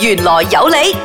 玄來有理。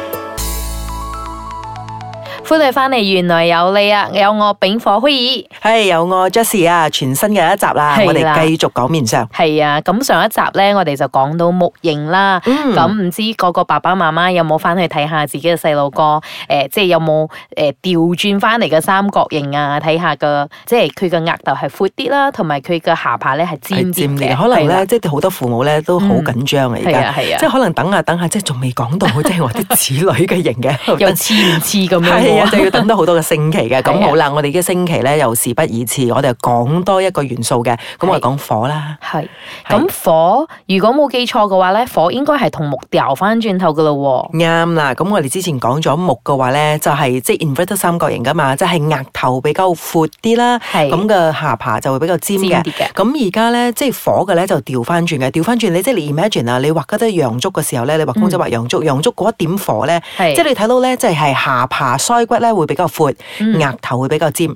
歡迎翻嚟，玄來有理啊！有我丙火虛兒，係、hey, 有我 Jesse 啊！全新嘅一集啦、啊，是的我哋繼續講面相。係啊，咁上一集咧，我哋就講到木型啦。咁唔、嗯、知個個爸爸媽媽有冇翻去睇下自己嘅細路哥？誒、呃，即係有冇誒調轉翻嚟嘅三角形啊？睇下個即係佢嘅額頭係闊啲啦，同埋佢嘅下巴咧係尖是尖嘅。可能咧，的即係好多父母咧都好緊張啊！而家係啊，在即係可能等下等下，即係仲未講到， 即係我啲子女嘅型嘅，又似唔似咁樣？ 就要等到很多好多個星期嘅，咁 好啦，是啊、我哋嘅星期咧又事不宜遲，我哋講多一個元素嘅，咁我哋講火啦。係，咁是是火如果冇記錯嘅話咧，火應該係同木調翻轉頭噶咯。啱啦，咁我哋之前講咗木嘅話咧，就係、是、即係 inverted 三角形噶嘛，即係額頭比較闊啲啦，咁嘅是下巴就會比較尖嘅。咁而家咧，即係、就是、火嘅咧就調翻轉嘅，調翻轉你即係你 imagine 啦。你畫嗰啲洋燭嘅時候咧，你畫公仔畫洋燭，洋、嗯、燭嗰一點火咧，即係是你睇到咧，即係係下巴骨咧會比較闊，額頭會比較尖。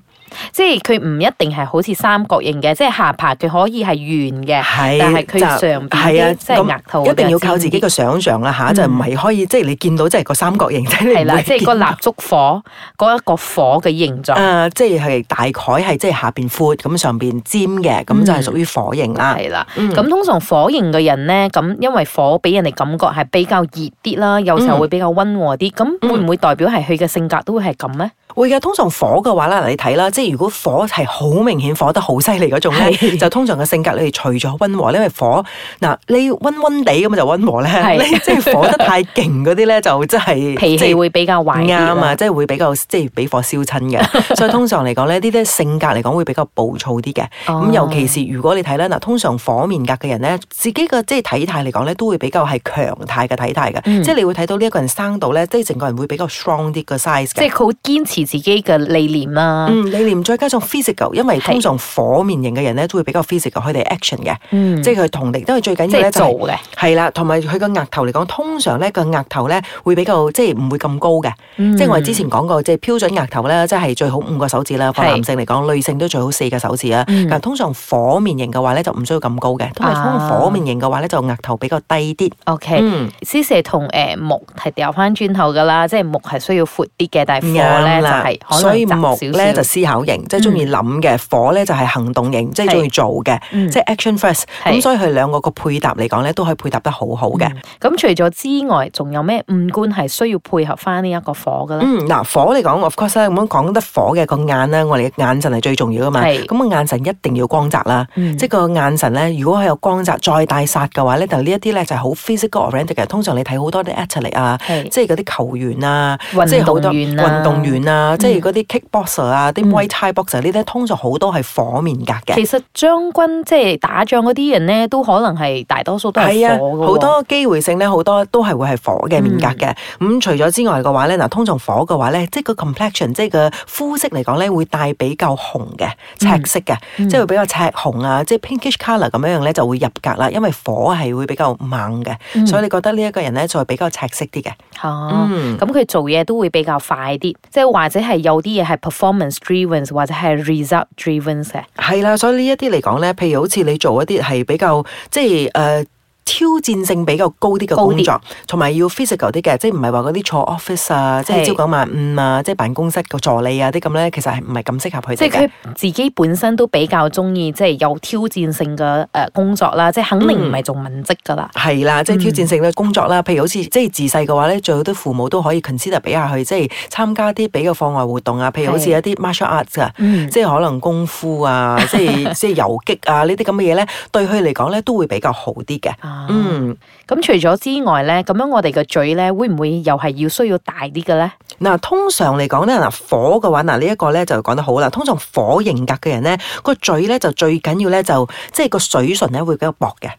即係佢唔一定係好似三角形嘅，即係下巴，佢可以係圓嘅，是但係佢上邊啲、啊、即係額頭一定要靠自己嘅想象啦，吓、嗯、就唔係可以、嗯、即係你見到即係個三角形，是啊、即係你唔會見到，即係個蠟燭火嗰一個火嘅形狀。誒、呃，即係係大概係即係下邊闊咁，上邊尖嘅，咁就係屬於火形啦。係啦、嗯，咁、嗯啊、通常火形嘅人咧，咁因為火俾人哋感覺係比較熱啲啦，有時候會比較溫和啲，咁、嗯、會唔會代表係佢嘅性格都會係咁咧？會嘅，通常火嘅話咧，你睇啦，即係如果火係好明顯，火得好犀利嗰種咧，是就通常嘅性格你除咗溫和，因為火嗱你溫溫地咁就溫和咧，是即係火得太勁嗰啲咧， 就即係脾氣會比較壞啱啊，即係、就是、會比較即係俾火燒親嘅， 所以通常嚟講呢啲咧性格嚟講會比較暴躁啲嘅。咁、哦、尤其是如果你睇咧嗱，通常火面格嘅人咧，自己嘅即係體態嚟講咧，都會比較係強態嘅體態嘅，即係、嗯、你會睇到呢一個人生到咧，即係成個人會比較 strong 啲個 size 嘅，即係佢好堅持。自己嘅理念啦，嗯，理念再加上 physical，因為通常火面型嘅人咧都會比較 physical，佢哋 action 嘅，嗯，即係佢同力，因為最緊要咧就係做嘅，係啦，同埋佢個額頭嚟講，通常咧個額頭咧會比較即係唔會咁高嘅，即係我哋之前講過，即係標準額頭咧，即係最好五個手指啦，個男性嚟講，女性都最好四個手指啦，但，通常火面型嘅話咧就唔需要咁高嘅，同埋通常火面型嘅話咧就額頭比較低啲，OK，獅子同誒木係掉翻轉頭噶啦，即係木係需要闊啲嘅，但係火咧。係，所以木咧就思考型，即係中意諗嘅；火咧就係行動型，即係中意做嘅，即係 action first。咁所以佢兩個個配搭嚟講咧，都可以配搭得好好嘅。咁除咗之外，仲有咩五官係需要配合翻呢一個火嘅咧？嗱，火嚟講，of course 咁樣講得火嘅個眼咧，我哋嘅眼神係最重要噶嘛。咁啊眼神一定要光澤啦。即係個眼神咧，如果係有光澤，再帶煞嘅話咧，就呢一啲咧就係好 physical oriented 嘅。通常你睇好多啲 athlete 啊，即係嗰啲球員啊，即係好多運動員啊。嗯是，那些 er、啊，即係嗰啲 kickboxer 啊，啲 white tie boxer 呢啲，通常好多係火面格嘅。其實將軍即係、就是、打仗嗰啲人咧，都可能係大多數都係火嘅、啊。好、嗯、多機會性咧，好多都係會係火嘅面格嘅、嗯。咁除咗之外嘅話咧，嗱，通常火嘅話咧，即係個 complexion，即係個膚色嚟講咧，會帶比較紅嘅赤色嘅，嗯嗯、即係比較赤紅啊，即係 pinkish color 咁樣樣咧，就會入格啦。因為火係會比較猛嘅，嗯、所以你覺得呢一個人咧，就係比較赤色啲嘅。咁佢做嘢都會比較快啲，即係或者係有啲嘢係 performance driven 或者係 result driven 嘅，係啦，所以呢一啲嚟講咧，譬如好似你做一啲係比較即係誒。呃挑戰性比較高啲嘅工作，同埋要 physical 啲嘅，即係唔係話嗰啲坐 office 啊，是即係朝九晚五啊，即係辦公室個助理啊啲咁咧，其實係唔係咁適合佢？即係佢自己本身都比較中意，即係有挑戰性嘅工作啦，嗯、即係肯定唔係做文職㗎啦。係啦，即係挑戰性嘅工作啦，譬如好似、嗯、即係自細嘅話咧，最好啲父母都可以 consider 俾下佢，即係參加啲比較課外活動啊，譬如好似一啲 martial arts，啊，嗯、即係可能功夫啊， 即係即係遊擊啊呢啲咁嘅嘢咧，對佢嚟講咧都會比較好啲嘅。嗯，咁、啊、除咗之外咧，咁樣我哋個嘴咧會唔會又係要需要大啲嘅咧？嗱，通常嚟講咧，嗱火嘅話，嗱呢一個咧就講得好啦，通常火型格嘅人咧，個嘴咧就最緊要咧就即係個嘴唇咧會比較薄嘅。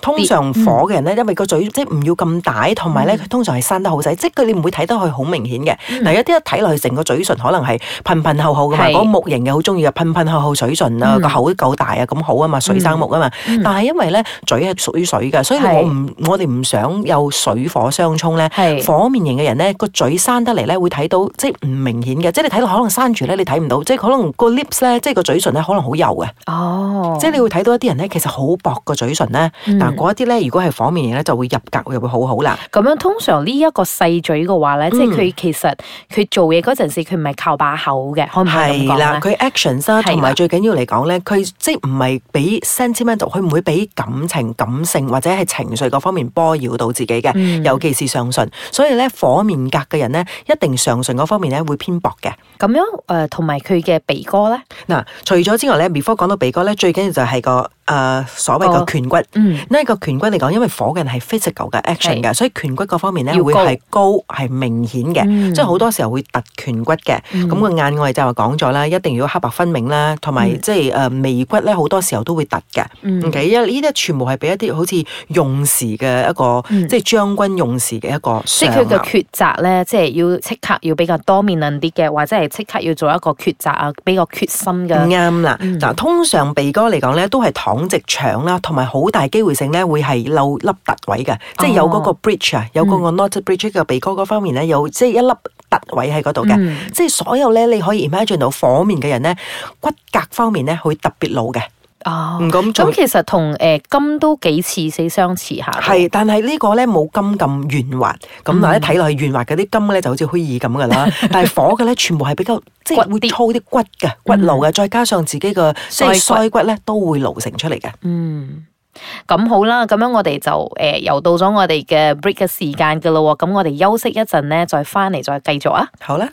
通常火嘅人咧，因為個嘴即係唔要咁大，同埋咧佢通常係生得好細，即係佢你唔會睇得佢好明顯嘅。嗱，有啲一睇落去成個嘴唇可能係噴噴厚厚嘅嘛。嗰木型嘅好中意嘅噴噴厚厚嘴唇啊，個口都夠大啊，咁好啊嘛，水生木啊嘛。但係因為咧嘴係屬於水嘅，所以我唔我哋唔想有水火相沖咧。火面型嘅人咧個嘴生得嚟咧會睇到即係唔明顯嘅，即係你睇到可能生住咧你睇唔到，即係可能個 lips 咧即係個嘴唇咧可能好幼嘅。哦，即係你會睇到一啲人咧其實好薄個嘴唇咧。嗱，嗰一啲咧，如果係火面型咧，就會入格又會好好啦。咁樣通常呢一個細嘴嘅話咧，嗯、即係佢其實佢做嘢嗰陣時，佢唔係靠把口嘅，係唔係咁講咧？係啦，佢 action 啦，同埋的的最緊要嚟講咧，佢即係唔係俾 sentimental，佢唔會俾感情、感性或者係情緒嗰方面波擾到自己嘅。嗯、尤其是上唇，所以咧火面格嘅人咧，一定上唇嗰方面咧會偏薄嘅。咁樣誒，同埋佢嘅鼻哥咧？嗱，除咗之外咧 before 講到鼻哥咧，最緊要就係個。誒、呃、所謂嘅顴骨，呢、嗯、個顴骨嚟講，因為火嘅人係 physical 嘅 action 嘅，對所以顴骨各方面咧會係高係高明顯嘅，即係好多時候會突顴骨嘅。咁、嗯、個眼外就話講咗啦，一定要黑白分明啦，同埋即係誒眉骨咧好多時候都會突嘅。唔緊要，因為依啲全部係俾一啲好似用時嘅一個，嗯、即係將軍用時嘅一個即的呢。即係佢嘅抉擇咧，即係要即刻要比較多面論啲嘅，或者係即刻要做一個抉擇啊，比較決心嘅。啱啦了，嗱、嗯，通常鼻哥嚟講咧都係拱直腸啦，同埋好大機會性咧，會係漏粒凸位嘅，即係有嗰個 bridge 啊，有嗰個個 noted bridge 嘅鼻哥嗰方面咧，mm. 有、mm. 即係一粒凸位喺嗰度嘅，即係所有咧你可以 imagine 到火面嘅人咧，骨骼方面咧會特別老嘅。哦，咁咁、oh, 其實同誒、呃、金都幾似，似相似下。係，但係呢個咧冇金咁圓滑，咁或者睇落去圓滑嗰啲金咧就好似虛擬咁噶啦。 但係火嘅咧，全部係比較骨 即係會粗啲骨嘅、嗯、骨路嘅，再加上自己嘅、嗯、即係腮骨咧都會露成出嚟嘅。嗯，咁好啦，咁樣我哋就誒、呃、又到咗我哋嘅 break 嘅時間㗎咯。咁我哋休息一陣咧，再翻嚟再繼續啊。好啦。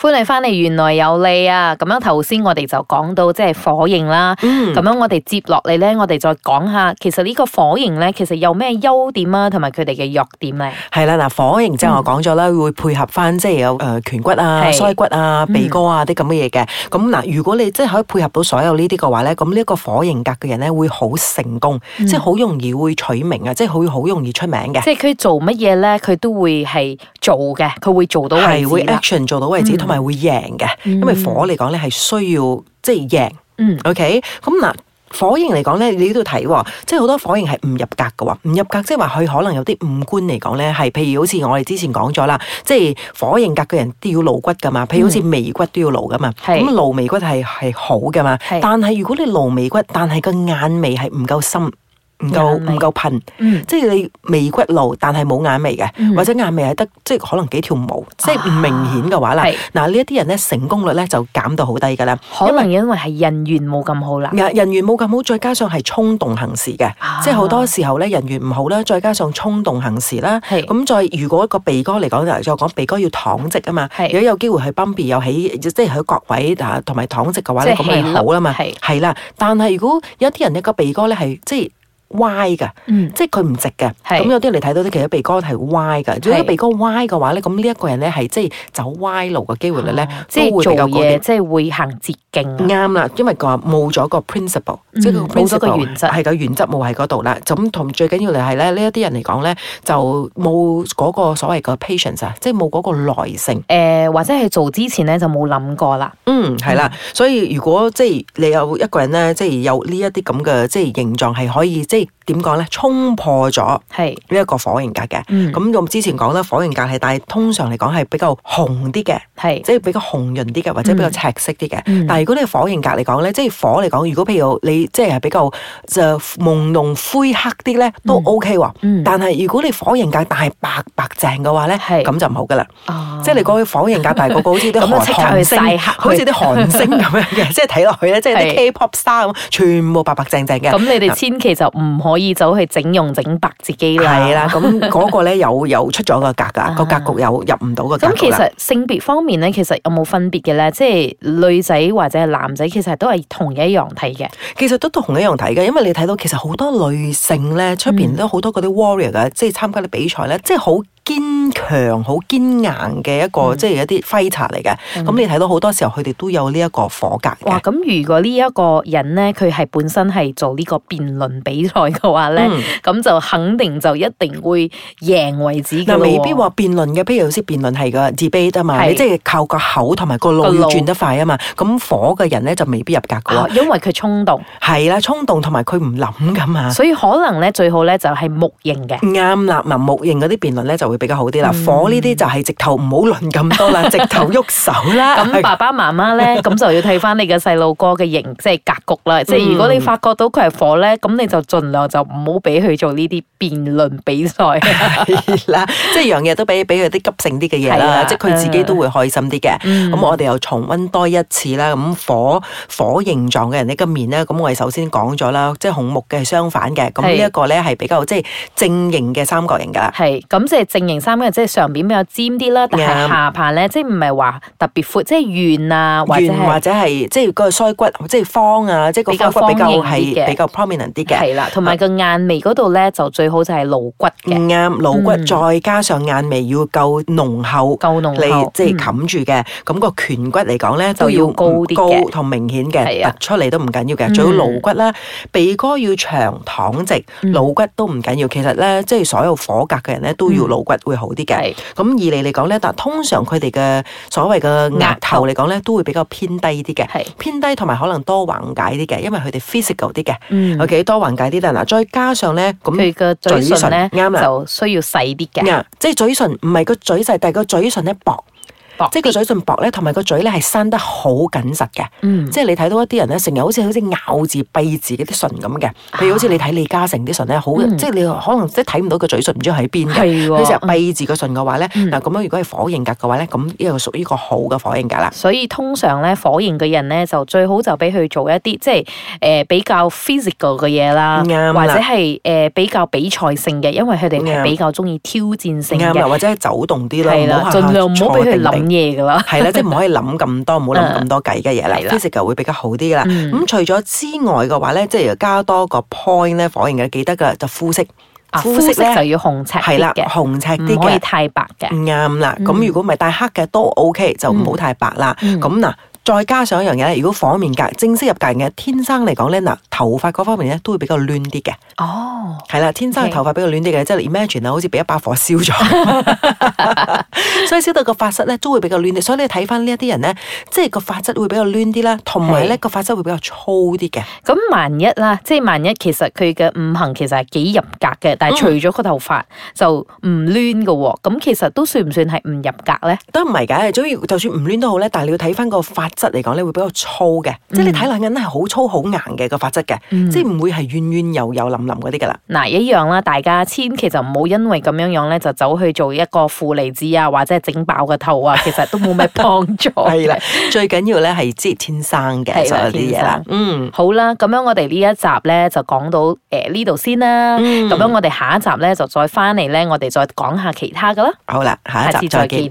歡迎翻嚟，玄來有理啊！咁樣頭先我哋就講到即係火型啦，咁、嗯、樣我哋接落嚟咧，我哋再講下，其實呢個火型咧，其實有咩優點啊，同埋佢哋嘅弱點咧、啊？係啦，嗱，火型即係我講咗啦，嗯、會配合翻即係有誒顴骨啊、腮是骨啊、鼻哥啊啲咁嘅嘢嘅。咁嗱、嗯，如果你即係可以配合到所有呢啲嘅話咧，咁呢一個火型格嘅人咧會好成功，嗯、即係好容易會取名啊，即係好好容易出名嘅。即係佢做乜嘢咧，佢都會係做嘅，佢會做到係會 action 做到為止咪會贏嘅，因為火嚟講咧係需要即係贏。嗯，OK，咁嗱，火型嚟講咧，你都要睇，即係好多火型係唔入格嘅喎，唔入格，即係話佢可能有啲五官嚟講咧，係譬如好似我哋之前講咗啦，即係火型格嘅人都要露骨噶嘛，譬如好似眉骨都要露噶嘛，咁、嗯、露眉骨係係好嘅嘛，是但係如果你露眉骨，但係個眼眉係唔夠深。唔夠唔夠噴，即係你眉骨露，但係冇眼眉嘅，或者眼眉係得，即係可能幾條毛，即係唔明顯嘅話啦。嗱，呢一啲人咧成功率咧就減到好低噶啦，可能因為係人緣冇咁好啦。人，人緣冇咁好，再加上係衝動行事嘅，即係好多時候咧人緣唔好咧，再加上衝動行事啦。咁再如果一個鼻哥嚟講，就再講鼻哥要躺直啊嘛。如果有機會係崩鼻，又起即係喺角位同埋躺直嘅話咧，咁就好啦嘛。係啦，但係如果有一啲人嘅個鼻哥咧係即係。歪嘅，嗯、即係佢唔直嘅。咁是有啲人嚟睇到啲，其實鼻哥係歪嘅。是如果鼻哥歪嘅話咧，咁呢一個人咧係即係走歪路嘅機會率咧，即係、啊、做嘢即係會行捷徑、啊。啱啦，因為佢話冇咗個 principle，、嗯、即冇咗個原則，係個原則冇喺嗰度啦。咁同最緊要嚟係咧，呢一啲人嚟講咧，就冇嗰個所謂嘅 patience 啊，即係冇嗰個耐性。誒、呃，或者係做之前咧就冇諗過啦。嗯，係啦。嗯、所以如果即係你有一個人咧，即係有呢一啲咁嘅即係形狀係可以即點講咧？衝破咗係呢一個火型格嘅，咁我之前講咧火型格係，但係通常嚟講係比較紅啲嘅，係即係比較紅潤啲嘅，或者比較赤色啲嘅。但係如果你火型格嚟講咧，即係火嚟講，如果譬如你即係比較就朦朧灰黑啲咧，都 OK 喎。但係如果你火型格但係白白淨嘅話咧，咁就唔好噶啦。即係你講嘅火型格，但係個個好似啲韓星，好似啲韓星咁樣嘅，即係睇落去咧，即係啲 K-pop 衫咁，全部白白淨淨嘅。咁你哋千祈就唔。唔可以走去整容整白自己啦，係啦、啊，咁嗰個咧 有有出咗個格噶，個、啊、格局有入唔到個。咁其實性別方面咧，其實有冇分別嘅咧？即係女仔或者係男仔，其實都係同一樣睇嘅。其實都同一樣睇嘅，因為你睇到其實好多女性咧，出邊都好多嗰啲 warrior 嘅，即係參加啲比賽咧，即係好。堅強、好堅硬嘅一個，嗯、即係一啲 fighter 嚟嘅。咁、嗯、你睇到好多時候，佢哋都有呢一個火格嘅。哇！咁如果呢一個人咧，佢係本身係做這個辯論，呢個辯論比賽嘅話咧，咁、嗯、就肯定就一定會贏為止嘅。未必話辯論嘅，譬如有啲辯論係個自卑啊嘛，是你即係靠個口同埋個腦轉得快啊嘛。咁火嘅人咧就未必入格嘅。啊，因為佢衝動係啦，衝動同埋佢唔諗噶嘛。所以可能咧最好咧就係、是、木型嘅。啱啦，啊木型嗰啲辯論咧就。會比較好啲啦，火呢啲就係直頭唔好論咁多啦，直頭喐手啦。咁爸爸媽媽咧，咁就要睇翻你嘅細路哥嘅形，即係格局啦。即係如果你發覺到佢係火咧，咁你就盡量就唔好俾佢做呢啲辯論比賽啦。即係樣嘢都俾俾佢啲急性啲嘅嘢啦，即係佢自己都會開心啲嘅。咁我哋又重溫多一次啦。咁火火形狀嘅人咧，個面咧，咁我哋首先講咗啦，即係紅木嘅相反嘅。咁呢一個咧係比較即係正形嘅三角形噶啦。係咁即係正。菱形三根即係上面比較尖啲啦，但係下巴咧即係唔係話特別闊，即係圓啊，或者或者係即係個腮骨即係方啊，即係個腮骨比較係比較 prominent 啲嘅。係啦，同埋個眼眉嗰度咧就最好就係露骨嘅。唔啱，露骨再加上眼眉要夠濃厚，夠濃厚，即係冚住嘅。咁個顴骨嚟講咧就要高啲高同明顯嘅凸出嚟都唔緊要嘅。仲要露骨啦，鼻哥要長躺直，露骨都唔緊要。其實咧，即係所有火格嘅人咧都要露。會好啲嘅，咁二嚟嚟講咧，但通常佢哋嘅所謂嘅額頭嚟講咧，都會比較偏低啲嘅，是偏低同埋可能多橫解啲嘅，因為佢哋 physical 啲嘅，OK 多橫解啲啦。嗱，再加上咧咁，佢個嘴唇咧啱就需要細啲嘅，即係、yeah, 嘴唇唔係個嘴細，但係個嘴唇咧薄。即係個嘴唇薄咧，同埋個嘴咧係生得好緊實嘅。嗯，即係你睇到一啲人咧，成日好似好似咬字、閉字嗰啲唇咁嘅。譬如好似你睇李嘉誠啲唇咧，好即係你可能即係睇唔到個嘴唇，唔知喺邊。係喎。有時候閉字個唇嘅話咧，咁樣如果係火型格嘅話呢，咁呢個屬於個好嘅火型格啦。所以通常咧，火型嘅人呢，就最好就俾佢做一啲即係誒比較 physical 嘅嘢啦，或者係誒比較比賽性嘅，因為佢哋比較中意挑戰性嘅，或者係走動啲啦，唔好下下嘢噶咯，係啦， 即係唔可以諗咁多，唔好諗咁多計嘅嘢啦。physical、嗯、會比較好啲噶啦。咁、嗯、除咗之外嘅話咧，即係加多個 point 咧，火形嘅記得噶就膚色，膚色咧、啊、就要紅赤，係啦，紅赤啲嘅，唔可以太白嘅。啱啦，咁如果唔係戴黑嘅都 OK，就唔好太白啦。咁嗱、嗯。嗯再加上一樣嘢，如果火面格正式入格嘅，天生嚟講咧，嗱頭髮嗰方面咧都會比較亂啲嘅。哦，係啦，天生嘅頭髮比較亂啲嘅，即係 imagine 啊，好似俾一把火燒咗， 所以燒到個髮質咧都會比較亂啲。所以你睇翻呢一啲人咧，即係個髮質會比較亂啲啦，同埋咧個髮質會比較粗啲嘅。咁是萬一啦，即係萬一其實佢嘅五行其實係幾入格嘅，但係除咗個頭髮就唔亂嘅喎，咁、嗯、其實都算唔算係唔入格咧？都唔係㗎，所以就算唔亂都好咧，但係你要睇翻個髮質。質嚟講咧會比較粗嘅，即係你睇落去咧係好粗好硬嘅個髮質嘅，即係唔會係軟軟又柔淋淋嗰啲噶啦。嗱，一樣啦，大家千祈就唔好因為咁樣樣咧就走去做一個負離子啊，或者係整爆個頭啊，其實都冇咩幫助。係啦，最緊要咧係即係天生嘅就啲嘢啦。嗯，好啦，咁樣我哋呢一集咧就講到誒呢度先啦。咁樣我哋下一集咧就再翻嚟咧，我哋再講下其他噶啦。好啦，下一集再見。